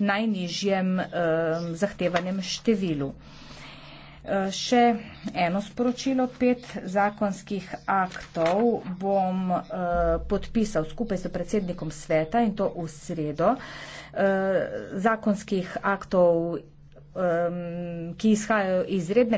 najnižjem eh, zahtevanem številu. Eh, še eno sporočilo, pet zakonskih aktov bom eh, podpisal skupaj s predsednikom sveta in to v sredo. Eh, zakonskih aktov ki izhajajo iz redne